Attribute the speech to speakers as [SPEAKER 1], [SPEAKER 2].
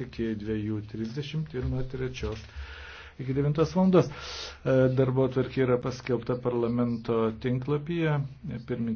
[SPEAKER 1] iki 2.30 ir nuo 3 iki 9 valandos. E, darbo tvarkė yra paskelbta parlamento tinklapyje. Pirmininkė